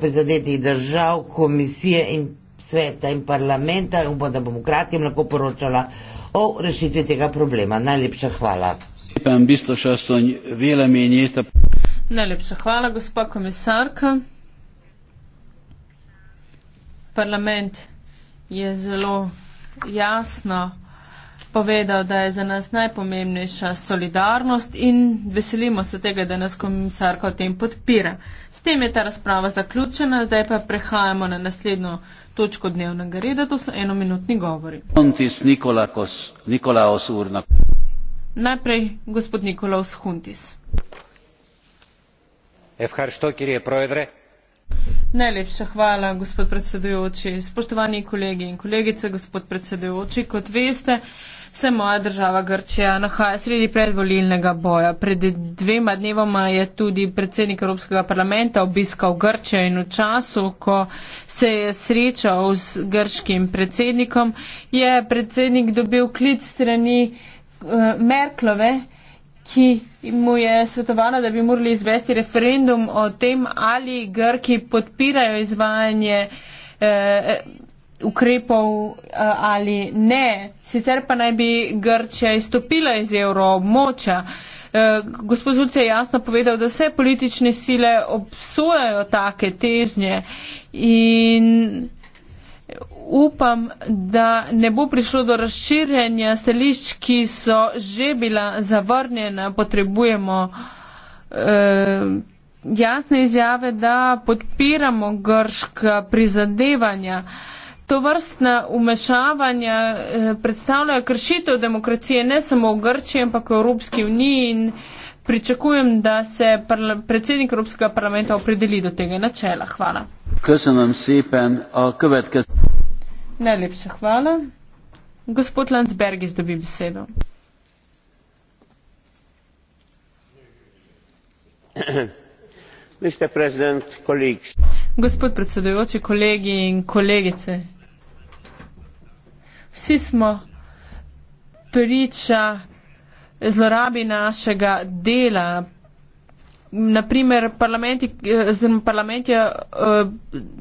prizadetih držav, komisije in sveta in parlamenta. Upam, da bom v kratkem lahko poročala o rešitvi tega problema. Najlepša hvala. Najlepša hvala, gospa komisarka. Parlament je zelo jasno povedal, da je za nas najpomembnejša solidarnost in veselimo se tega, da nas komisarka o tem podpira. S tem je ta razprava zaključena, zdaj pa prehajamo na naslednjo točko dnevnega reda, to so enominutni govori. Huntis, Nikolakos, Nikolaos, Najprej gospod Nikolaus Huntis. Što, Najlepša hvala, gospod predsedujoči. Spoštovani kolegi in kolegice, gospod predsedujoči, kot veste, se moja država Grčija nahaja sredi predvolilnega boja. Pred dvema dnevoma je tudi predsednik Evropskega parlamenta obiskal Grčijo in v času, ko se je srečal s grškim predsednikom, je predsednik dobil klic strani eh, Merklove, ki mu je svetovala, da bi morali izvesti referendum o tem, ali Grki podpirajo izvajanje. Eh, ukrepov eh, ali ne. Sicer pa naj bi Grčija izstopila iz evroobmoča. Eh, gospod Zulc je jasno povedal, da vse politične sile obsojajo take težnje in upam, da ne bo prišlo do razširjanja stališč, ki so že bila zavrnjena. Potrebujemo eh, jasne izjave, da podpiramo grška prizadevanja. Eh, to vrstna umešavanja eh, predstavljajo kršitev demokracije ne samo v Grčiji, ampak v Evropski uniji in pričakujem, da se predsednik Evropskega parlamenta opredeli do tega načela. Hvala. Köszönöm szépen a következő. Najlepša hvala. Gospod Landsberg izdobi besedo. Mr. President, colleagues. Gospod predsedujoči, kolegi in kolegice vsi smo priča zlorabi našega dela. Naprimer, parlament je, eh, parlament je eh,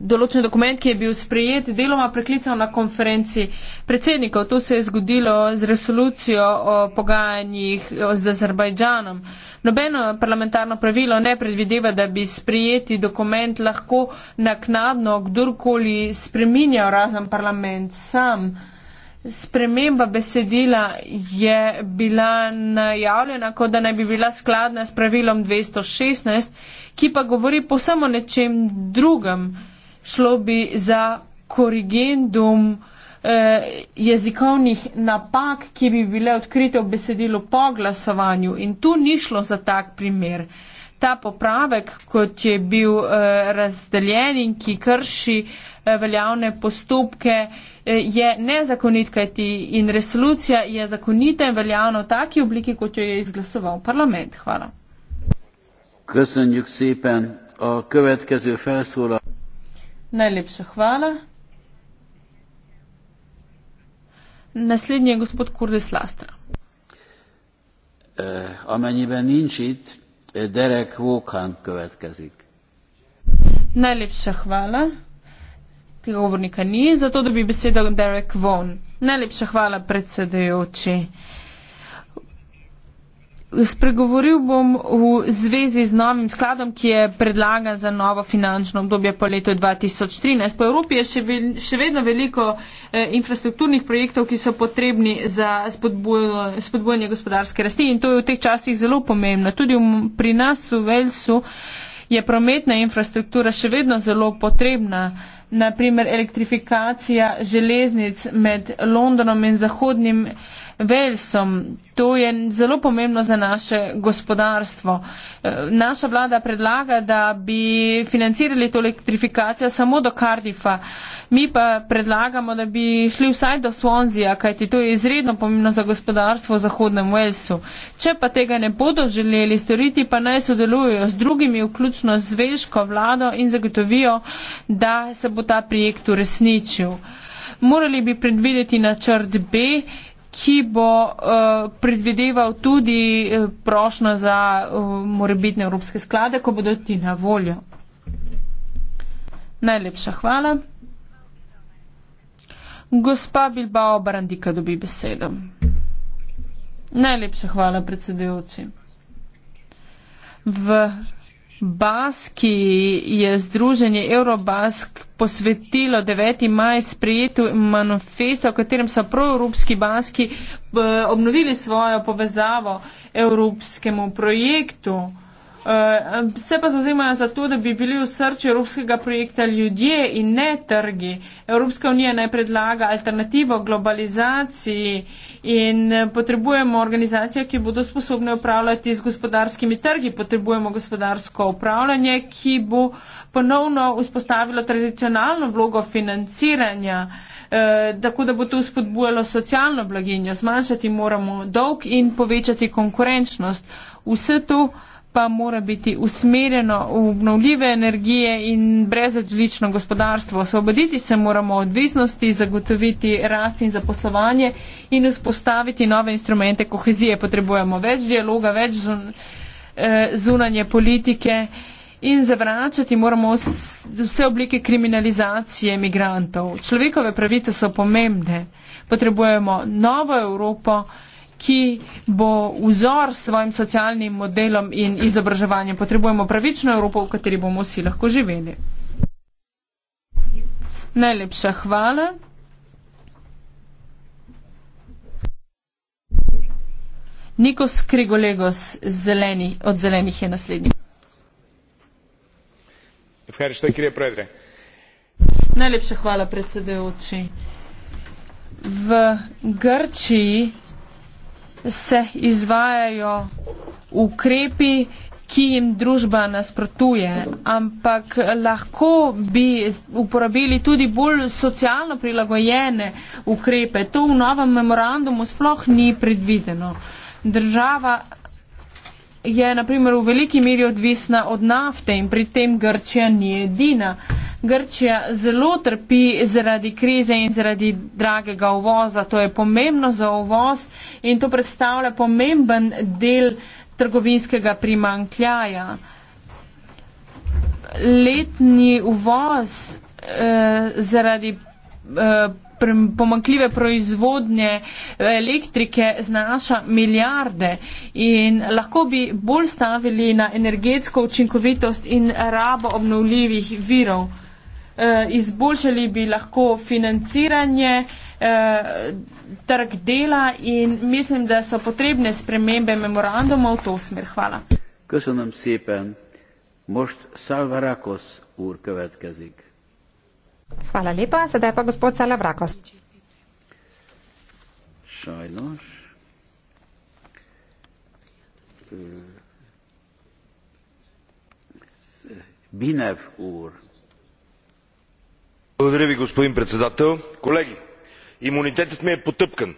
določen dokument, ki je bil sprejet, deloma preklical na konferenci predsednikov. To se je zgodilo z resolucijo o pogajanjih eh, z Azerbajdžanom. Nobeno parlamentarno pravilo ne predvideva, da bi sprejeti dokument lahko naknadno kdorkoli spreminjal razen parlament sam. Uh, Sprememba besedila je bila najavljena, kot da naj bi bila skladna s pravilom 216, ki pa govori posamo nečem drugem. Šlo bi za korigendum eh, jezikovnih napak, ki bi bile odkrite v besedilu po glasovanju in tu ni šlo za tak primer. Ta popravek, kot je bil eh, razdeljen in ki krši eh, veljavne postopke, je nezakonit, kajti in resolucija je zakonita in veljavna v taki obliki, kot jo je izglasoval parlament. Hvala. Najlepša hvala. Naslednji je gospod Kurdes Lastra. Eh, eh, Najlepša hvala slovenskega govornika ni, zato dobi besedo Derek Von. Najlepša hvala, predsedujoči. Spregovoril bom v zvezi z novim skladom, ki je predlagan za novo finančno obdobje po letu 2013. Po Evropi je še, ve, še vedno veliko eh, infrastrukturnih projektov, ki so potrebni za spodbujanje, spodbujanje gospodarske rasti in to je v teh časih zelo pomembno. Tudi v, pri nas v Velsu je prometna infrastruktura še vedno zelo potrebna. Eh, naprimer elektrifikacija železnic med Londonom in Zahodnim Velsom. To je zelo pomembno za naše gospodarstvo. E, naša vlada predlaga, da bi financirali to elektrifikacijo samo do Cardiffa. Mi pa predlagamo, da bi šli vsaj do Swansea, kajti to je izredno pomembno za gospodarstvo v Zahodnem Velsu. Če pa tega ne bodo želeli storiti, pa naj sodelujo z drugimi, vključno z veško vlado in zagotovijo, da se bo bo ta projekt uresničil. Morali bi predvideti načrt B, ki bo uh, predvideval tudi eh, prošnjo za uh, morebitne evropske sklade, ko bodo ti na voljo. Najlepša hvala. Gospa Bilbao Barandika dobi besedo. Najlepša hvala, predsedujoči. V Baski je združenje Eurobask posvetilo 9. maj sprejetu manifesto, v katerem so proevropski baski eh, obnovili svojo povezavo evropskemu projektu. Eh, se pa zauzemajo za to, da bi bili v srču evropskega projekta ljudje in ne trgi. Evropska unija naj predlaga alternativo globalizaciji in potrebujemo organizacije, ki bodo sposobne upravljati z gospodarskimi trgi. Potrebujemo gospodarsko upravljanje, ki bo ponovno vzpostavilo tradicionalno vlogo financiranja, eh, tako da bo to spodbujalo socialno blaginjo. Zmanjšati moramo dolg in povečati konkurenčnost. Vse to pa mora biti usmerjeno v obnovljive energije in brezodlično gospodarstvo. Osvoboditi se moramo odvisnosti, zagotoviti rast in zaposlovanje in vzpostaviti nove instrumente kohezije. Potrebujemo več dialoga, več zun, eh, zunanje politike in zavračati moramo vse oblike kriminalizacije migrantov. Človekove pravice so pomembne. Potrebujemo novo Evropo, eh, ki bo vzor s svojim socialnim modelom in izobraževanjem. Potrebujemo pravično Evropo, v kateri bomo vsi lahko živeli. Najlepša hvala. Nikos Krigolegos zeleni, od zelenih je naslednji. Najlepša hvala, predsedujoči. V Grčiji se izvajajo ukrepi, ki jim družba nasprotuje, ampak lahko bi uporabili tudi bolj socialno prilagojene ukrepe. To v novem memorandumu sploh ni predvideno. Država je naprimer v veliki meri odvisna od nafte in pri tem Grčija ni edina. Grčija zelo trpi zaradi krize in zaradi dragega uvoza. To je pomembno za uvoz in to predstavlja pomemben del trgovinskega primankljaja. Letni uvoz eh, zaradi eh, pomankljive proizvodnje eh, elektrike znaša milijarde in lahko bi bolj stavili na energetsko učinkovitost in rabo obnovljivih virov. Eh, izboljšali bi lahko financiranje, eh, trg dela in mislim, da so potrebne spremembe memorandumov v to smer. Hvala. Köszönöm szépen. Most Salva Rakosz úr következik. Hvala lepa. Sedaj pa gospod Sala Vrakos. Šajnoš. Eh, Binev ur. Благодаря ви, господин председател. Колеги, имунитетът ми е потъпкан.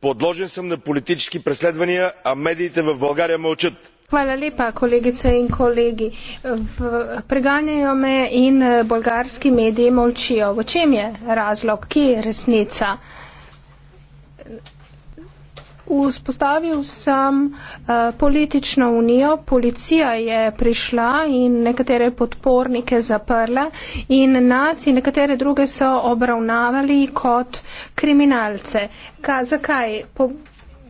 Подложен съм на политически преследвания, а медиите в България мълчат. Hvala lepa, kolegice in kolegi. Preganjajo me in eh, bolgarski mediji molčijo. V čem je razlog, ki je resnica? Vzpostavil sem eh, politično unijo, policija je prišla in nekatere podpornike zaprla in nas in nekatere druge so obravnavali kot kriminalce. Ka, zakaj? Po,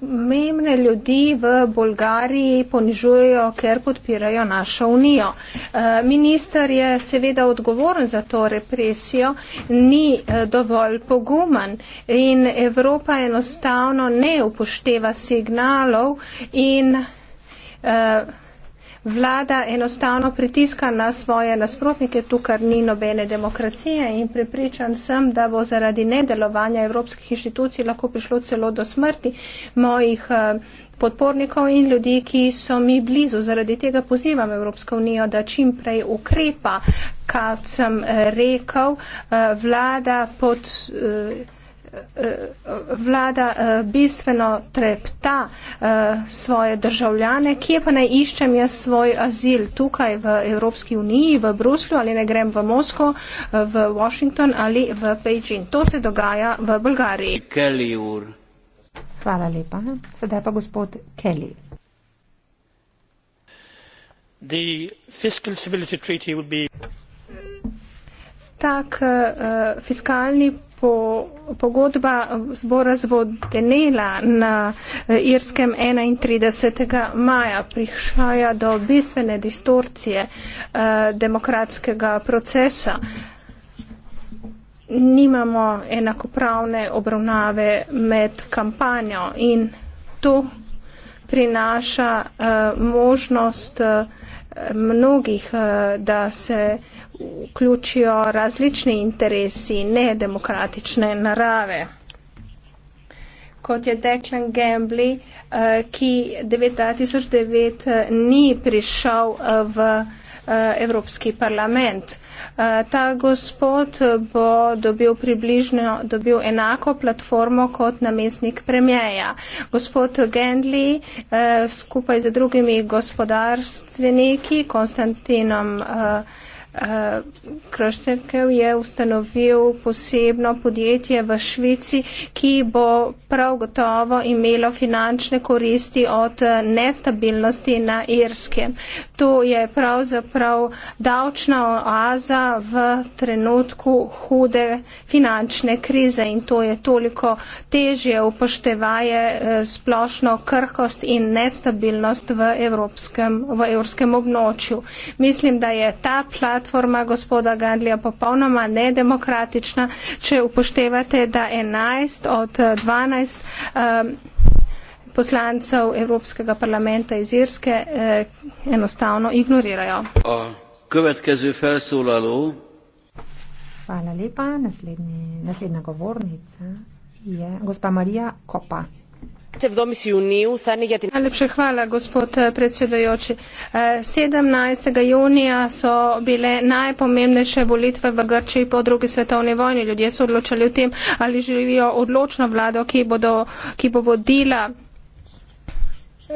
pomembne ljudi v Bolgariji ponižujejo, ker podpirajo našo unijo. Eh, minister je seveda odgovoren za to represijo, ni eh, dovolj poguman in Evropa enostavno ne upošteva signalov in uh, vlada enostavno pritiska na svoje nasprotnike, tu kar ni nobene demokracije in prepričan sem, da bo zaradi nedelovanja evropskih inštitucij lahko prišlo celo do smrti mojih eh, podpornikov in ljudi, ki so mi blizu. Zaradi tega pozivam Evropsko unijo, da čim prej ukrepa, kot sem eh, rekel, eh, vlada pod. Eh, Eh, vlada eh, bistveno trepta eh, svoje državljane, kje pa naj iščem jaz svoj azil tukaj v Evropski uniji, v Bruslju ali ne grem v Moskvo, v Washington ali v Beijing. To se dogaja v Bolgariji. Hvala lepa. Sedaj pa gospod Kelly. Tak uh, fiskalni po, pogodba bo razvodenela na eh, Irskem 31. maja. Prihaja do bistvene distorcije eh, demokratskega procesa. Nimamo enakopravne obravnave med kampanjo in to prinaša eh, možnost eh, mnogih, eh, da se vključijo različni interesi nedemokratične narave. Kot je Declan Gambly, eh, ki 2009 ni prišel eh, v Eh, Evropski parlament. Eh, ta gospod bo dobil približno, dobil enako platformo kot namestnik premjeja. Gospod Gendli eh, skupaj z drugimi gospodarstveniki, Konstantinom Krštenkev je ustanovil posebno podjetje v Švici, ki bo prav gotovo imelo finančne koristi od nestabilnosti na Irskem. To je pravzaprav davčna oaza v trenutku hude finančne krize in to je toliko težje upoštevaje eh, splošno krhkost in nestabilnost v evropskem, v evropskem območju. Mislim, da je ta plat platforma gospoda Gandlija popolnoma nedemokratična, če upoštevate, da 11 od 12 um, eh, poslancev Evropskega parlamenta iz Irske eh, enostavno ignorirajo. Hvala lepa. Naslednji, naslednja govornica je gospa Marija Kopa. Hvala lepša hvala, gospod eh, predsedojoči. 17. Eh, junija so bile najpomembnejše volitve v Grčiji po drugi svetovni vojni. Ljudje so odločali o tem, ali želijo odločno vlado, ki, bodo, ki bo vodila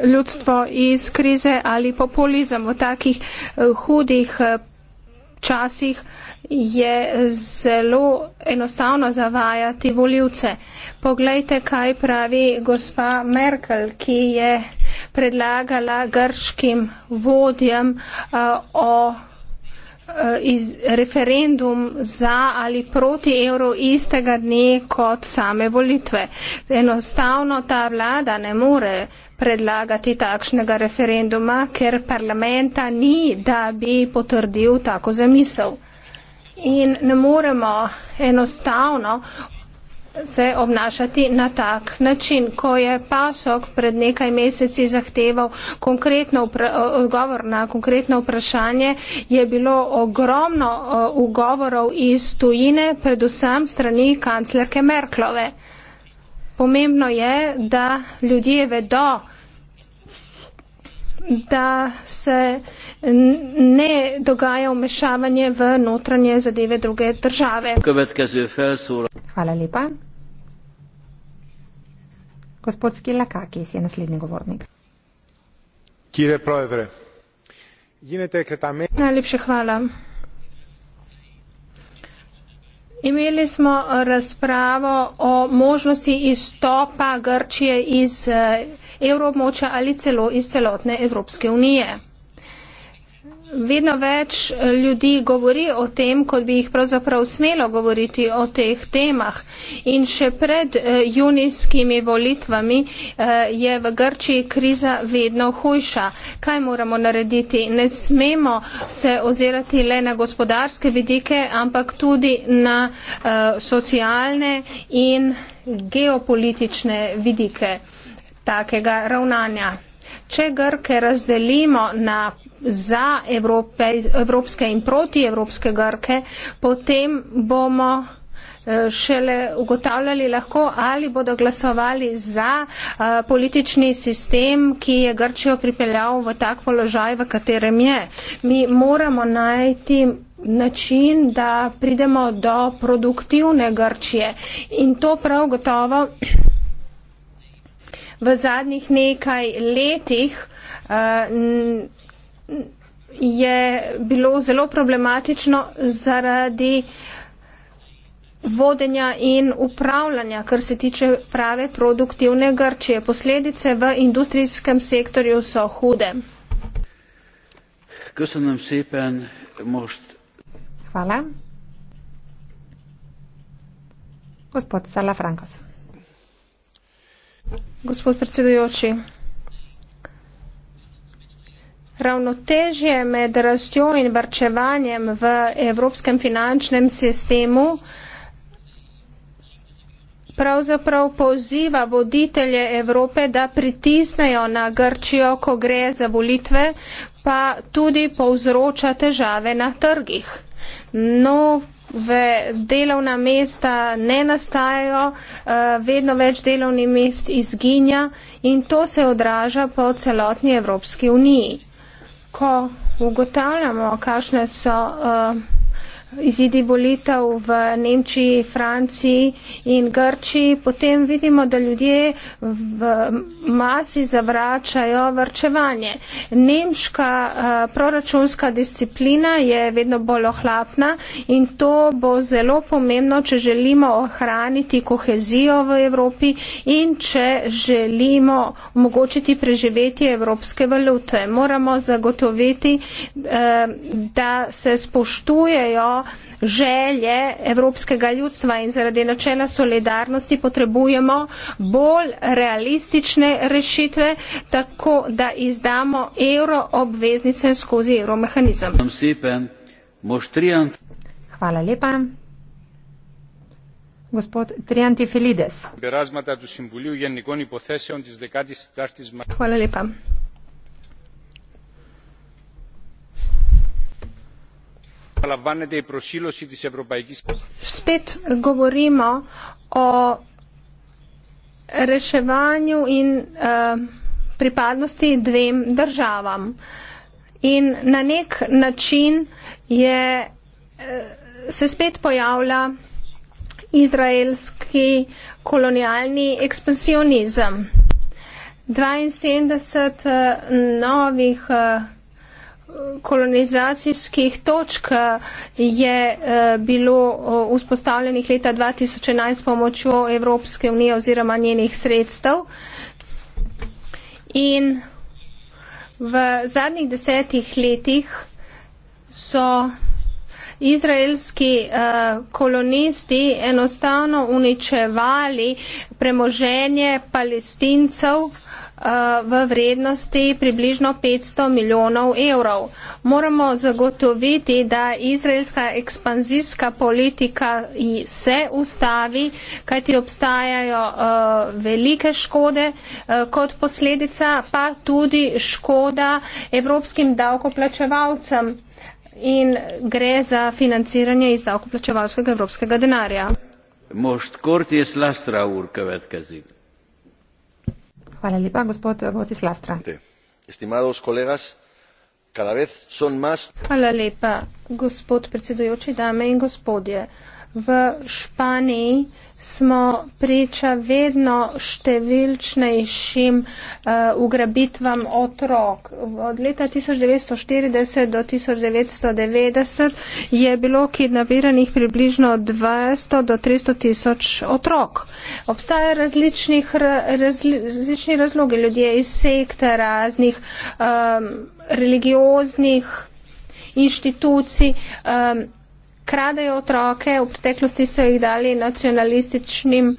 ljudstvo iz krize ali populizem v takih eh, hudih včasih je zelo enostavno zavajati voljivce. Poglejte, kaj pravi gospa Merkel, ki je predlagala grškim vodjem uh, o Eh, iz referendum za ali proti evru istega dne kot same volitve. Enostavno ta vlada ne more predlagati takšnega referenduma, ker parlamenta ni, da bi potrdil tako zamisel. In ne moremo enostavno se obnašati na tak način, ko je Pasok pred nekaj meseci zahteval konkretno odgovor na konkretno vprašanje, je bilo ogromno ugovorov iz tujine, predvsem strani kanclerke Merklove. Pomembno je, da ljudje vedo, da se ne dogaja umešavanje v notranje zadeve druge države. Hvala lepa. Gospod Skila Kakis je naslednji govornik. Najlepša hvala. Imeli smo razpravo o možnosti izstopa Grčije iz eh, evroobmoča ali celo iz celotne Evropske unije vedno več eh, ljudi govori o tem, kot bi jih pravzaprav smelo govoriti o teh temah. In še pred eh, junijskimi volitvami eh, je v Grčiji kriza vedno hujša. Kaj moramo narediti? Ne smemo se ozirati le na gospodarske vidike, ampak tudi na socialne in geopolitične vidike takega ravnanja. Če Grke razdelimo na za Evrope, evropske in proti evropske Grke, potem bomo eh, šele ugotavljali lahko, ali bodo glasovali za a, eh, politični sistem, ki je Grčijo pripeljal v tak položaj, v katerem je. Mi moramo najti način, da pridemo do produktivne Grčije. In to prav gotovo v zadnjih nekaj letih eh, je bilo zelo problematično zaradi vodenja in upravljanja, kar se tiče prave produktivne Grčije. Posledice v industrijskem sektorju so hude. Hvala. Gospod Salafrancos. Frankos. Gospod predsedujoči, ravnotežje med rastjo in varčevanjem v evropskem finančnem sistemu pravzaprav poziva voditelje Evrope, da pritisnejo na Grčijo, ko gre za volitve, pa tudi povzroča težave na trgih. No, v delovna mesta ne nastajajo, eh, vedno več delovnih mest izginja in to se odraža po celotni Evropski uniji. Ko ugotavljamo, kakšne so uh, izidi volitev v Nemčiji, Franciji in Grčiji, potem vidimo, da ljudje v masi zavračajo vrčevanje. Nemška eh, proračunska disciplina je vedno bolj ohlapna in to bo zelo pomembno, če želimo ohraniti kohezijo v Evropi in če želimo omogočiti preživeti evropske valute. Moramo zagotoviti, eh, da se spoštujejo, želje evropskega ljudstva in zaradi načela solidarnosti potrebujemo bolj realistične rešitve, tako da izdamo evro obveznice skozi evromehanizem. Hvala lepa. Gospod Trianti Felides. Hvala lepa. spet govorimo o reševanju in eh, pripadnosti dvem državam. In na nek način je, eh, se spet pojavlja izraelski kolonialni ekspansionizem. 72 eh, novih kolonizacijskih točk eh, je eh, bilo eh, vzpostavljenih leta 2011 pomočjo Evropske unije oziroma njenih sredstev. In v zadnjih desetih letih so izraelski kolonisti enostavno uničevali premoženje palestincev, Eh, v vrednosti približno 500 milijonov evrov. Moramo zagotoviti, da izraelska ekspanzijska politika se ustavi, kajti obstajajo eh, velike škode eh, kot posledica, pa tudi škoda evropskim davkoplačevalcem in gre za financiranje iz davkoplačevalskega evropskega denarja. Most kort je slastra urka vetkazik. Hvala lepa, gospod Votis Lastra. Estimados kolegas, cada vez son más. Hvala lepa, gospod predsedujoči, dame in gospodje. V Španiji smo priča vedno številčnejšim uh, ugrabitvam otrok. Od leta 1940 do 1990 je bilo kidnapiranih približno 200 do 300 tisoč otrok. Obstaja različnih razli, različni razlogi, ljudje iz sekte raznih um, religioznih inštitucij. Um, kradejo otroke, v preteklosti so jih dali nacionalističnim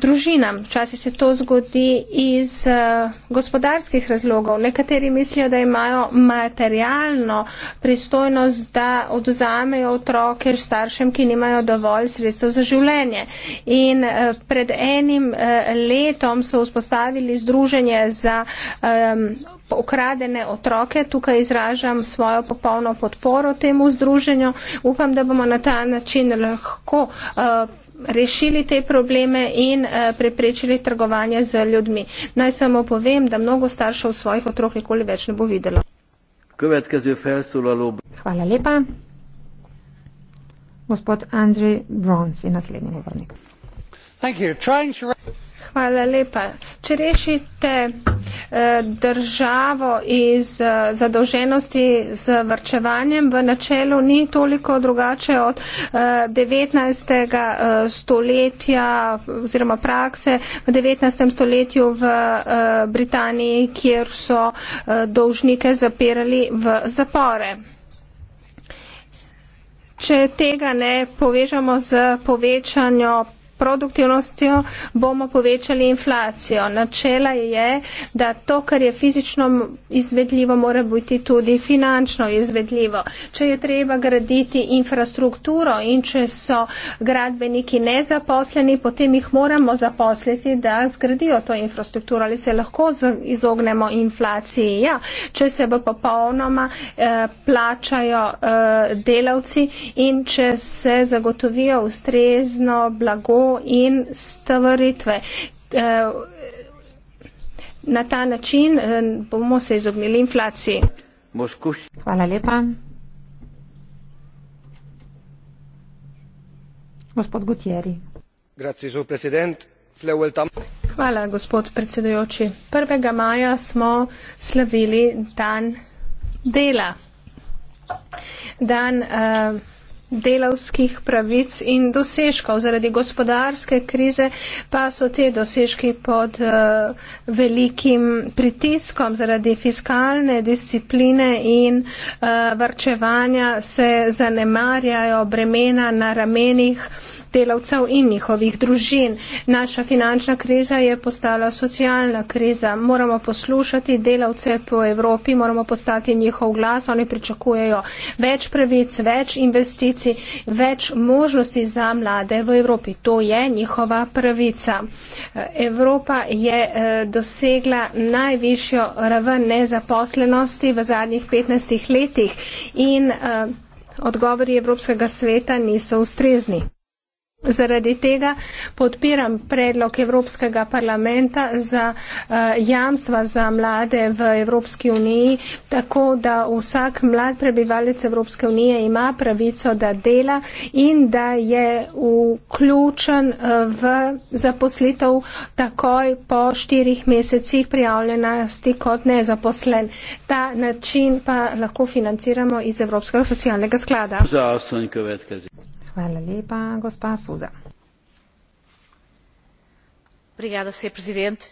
družinam. Včasih se to zgodi iz uh, gospodarskih razlogov. Nekateri mislijo, da imajo materialno pristojnost, da oduzamejo otroke staršem, ki nimajo dovolj sredstev za življenje. In uh, pred enim uh, letom so vzpostavili združenje za. Um, ukradene otroke. Tukaj izražam svojo popolno podporo temu združenju. Upam, da bomo na ta način lahko uh, rešili te probleme in eh, preprečili trgovanje z ljudmi. Naj samo povem, da mnogo staršev svojih otrok nikoli več ne bo videlo. Hvala lepa. Gospod Andrej Brons je naslednji govornik. Hvala. Hvala lepa. Če rešite eh, državo iz eh, zadolženosti z vrčevanjem, v načelu ni toliko drugače od 19. Eh, stoletja oziroma prakse v 19. stoletju v Britaniji, kjer so dolžnike zapirali v zapore. Če tega ne povežamo z povečanjo produktivnostjo bomo povečali inflacijo. Načela je, da to, kar je fizično izvedljivo, mora biti tudi finančno izvedljivo. Če je treba graditi infrastrukturo in če so gradbeniki nezaposleni, potem jih moramo zaposliti, da zgradijo to infrastrukturo ali se lahko izognemo inflaciji. Ja, če se bo popolnoma eh, plačajo eh, delavci in če se zagotovijo ustrezno blago, in stvaritve. Eh, na ta način eh, bomo se izognili inflaciji. Hvala lepa. Gospod Gutieri. Hvala, gospod predsedujoči. 1. maja smo slavili dan dela. Dan uh, delavskih pravic in dosežkov. Zaradi gospodarske krize pa so te dosežki pod uh, velikim pritiskom. Zaradi fiskalne discipline in uh, varčevanja se zanemarjajo bremena na ramenih uh, delavcev in njihovih družin. Naša finančna kriza je postala socialna kriza. Moramo poslušati delavce po Evropi, moramo postati njihov glas. Oni pričakujejo več pravic, več investicij, več možnosti za mlade v Evropi. To je njihova pravica. Evropa je eh, dosegla najvišjo raven nezaposlenosti v zadnjih 15 letih in eh, odgovori Evropskega sveta niso ustrezni. Zaradi tega podpiram predlog Evropskega parlamenta za uh, jamstva za mlade v Evropski uniji, tako da vsak mlad prebivalec Evropske unije ima pravico, da dela in da je vključen uh, v zaposlitev takoj po štirih mesecih prijavljenosti kot nezaposlen. Ta način pa lahko financiramo iz Evropskega socialnega sklada. Za, Hvala lepa, gospa Suza. Brigada, se je prezident.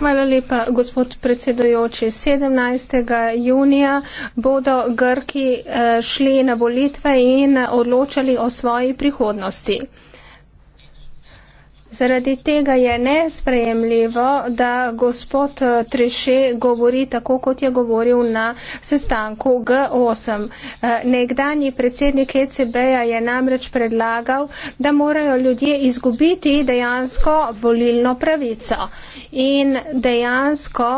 Hvala lepa, gospod predsedojoči. 17. junija bodo Grki eh, šli na volitve in odločali o svoji prihodnosti. Zaradi tega je nesprejemljivo, da gospod Treše govori tako, kot je govoril na sestanku G8. Eh, nekdanji predsednik ECB-ja je namreč predlagal, da morajo ljudje izgubiti dejansko volilno pravico in dejansko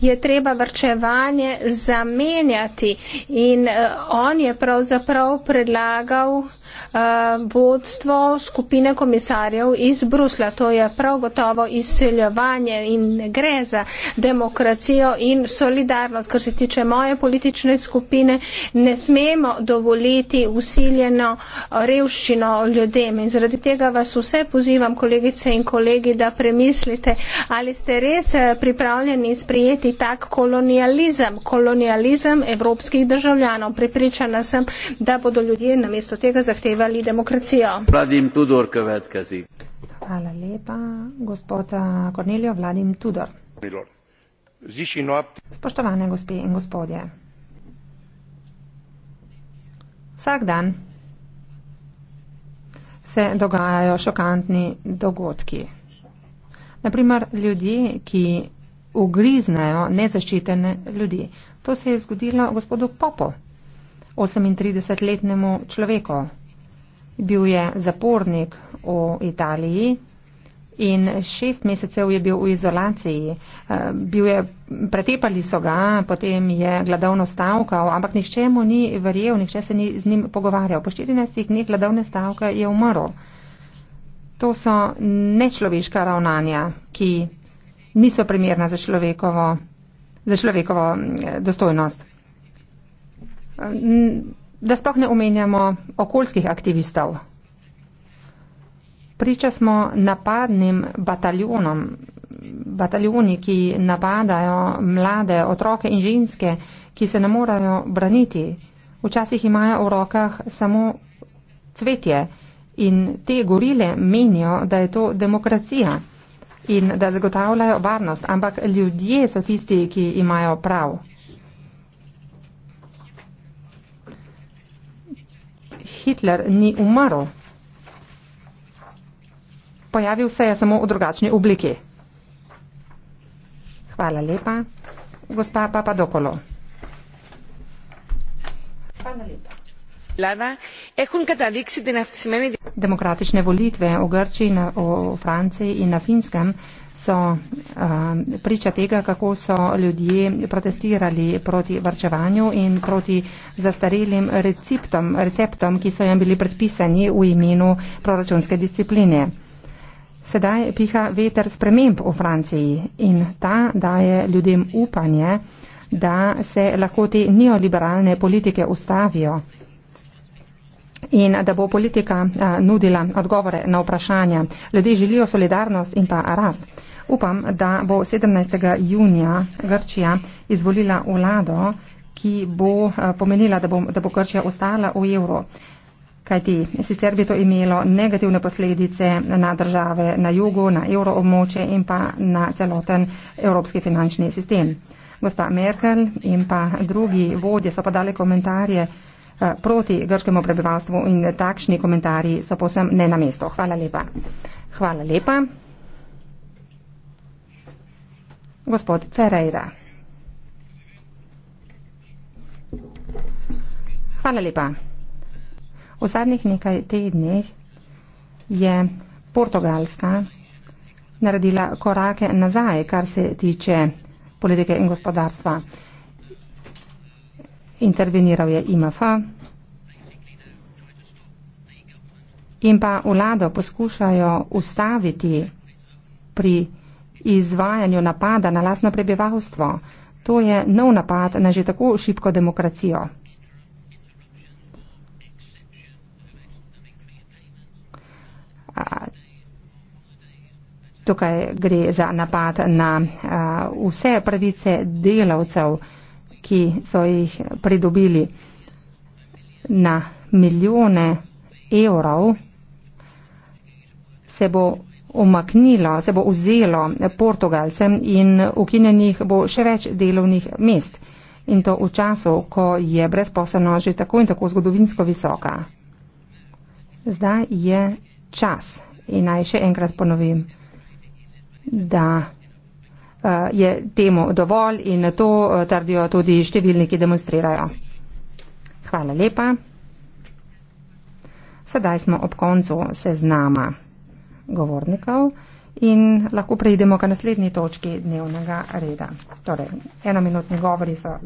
je treba vrčevanje zamenjati in uh, on je pravzaprav predlagal uh, vodstvo skupine komisarjev iz Brusla. To je prav gotovo izseljevanje in gre za demokracijo in solidarnost. Kar se tiče moje politične skupine, ne smemo dovoliti usiljeno eh, revščino ljudem in zaradi tega vas vse pozivam, kolegice in kolegi, da premislite, ali ste res pripravljeni pripravljeni sprijeti tak kolonializem, kolonializem evropskih državljanov. Pripričana sem, da bodo ljudje namesto tega zahtevali demokracijo. Vladim Tudor, kvetkazi. Hvala lepa, gospod eh, Kornelijo, Vladim Tudor. Spoštovane gospe in gospodje. Vsak dan se dogajajo šokantni dogodki. Naprimer, ljudje, ki ugriznejo nezaščitene ljudi. To se je zgodilo gospodu Popo, 38-letnemu človeku. Bil je zapornik v Italiji in šest mesecev je bil v izolaciji. Eh, bil je, pretepali so ga, potem je gladovno stavkal, ampak nišče mu ni verjel, nišče se ni z njim pogovarjal. Po 14 dneh gladovne stavke je umrl. To so nečloveška ravnanja, ki niso primerna za človekovo, za človekovo eh, dostojnost. Da sploh ne omenjamo okoljskih aktivistov. Priča smo napadnim bataljonom, bataljoni, ki napadajo mlade otroke in ženske, ki se ne morajo braniti. Včasih imajo v rokah samo cvetje in te gorile menijo, da je to demokracija in da zagotavljajo varnost, ampak ljudje so tisti, ki imajo prav. Hitler ni umrl. Pojavil se je samo v drugačni obliki. Hvala lepa. Gospa Papadokolo. Hvala lepa vlada, e hunka ta diksi den afsimeni. Demokratične volitve v Grčiji, na, v Franciji in na Finskem so uh, priča tega, kako so ljudje protestirali proti vrčevanju in proti zastarelim receptom, receptom, ki so jim bili predpisani v imenu proračunske discipline. Sedaj piha veter sprememb v Franciji in ta daje ljudem upanje, da se lahko te neoliberalne politike ustavijo in da bo politika nudila odgovore na vprašanja. Ljudje želijo solidarnost in pa rast. Upam, da bo 17. junija Grčija izvolila vlado, ki bo pomenila, da bo, da bo Grčija ostala v evro. Kajti sicer bi to imelo negativne posledice na države na jugu, na evroobmoče in pa na celoten evropski finančni sistem. Gospa Merkel in pa drugi vodje so pa dali komentarje, Eh, proti grškemu prebivalstvu in takšni komentarji so posem ne na mesto. Hvala lepa. Hvala lepa. Gospod Ferreira. Hvala lepa. V zadnjih nekaj tednih je Portugalska naredila korake nazaj, kar se tiče politike in gospodarstva interveniral je IMF in pa vlado poskušajo ustaviti pri izvajanju napada na lasno prebivalstvo. To je nov napad na že tako šibko demokracijo. Tukaj gre za napad na a, vse pravice delavcev. A, ki so jih pridobili na milijone evrov, se bo omaknilo, se bo vzelo portugalcem in ukinjenih bo še več delovnih mest. In to v času, ko je brezposelnost že tako in tako zgodovinsko visoka. Zdaj je čas. In naj še enkrat ponovim, da Eh, je temu dovolj in to eh, trdijo tudi številni, ki demonstrirajo. Hvala lepa. Sedaj smo ob koncu seznama govornikov in lahko preidemo k naslednji točki dnevnega reda. Torej, enominutni govori so.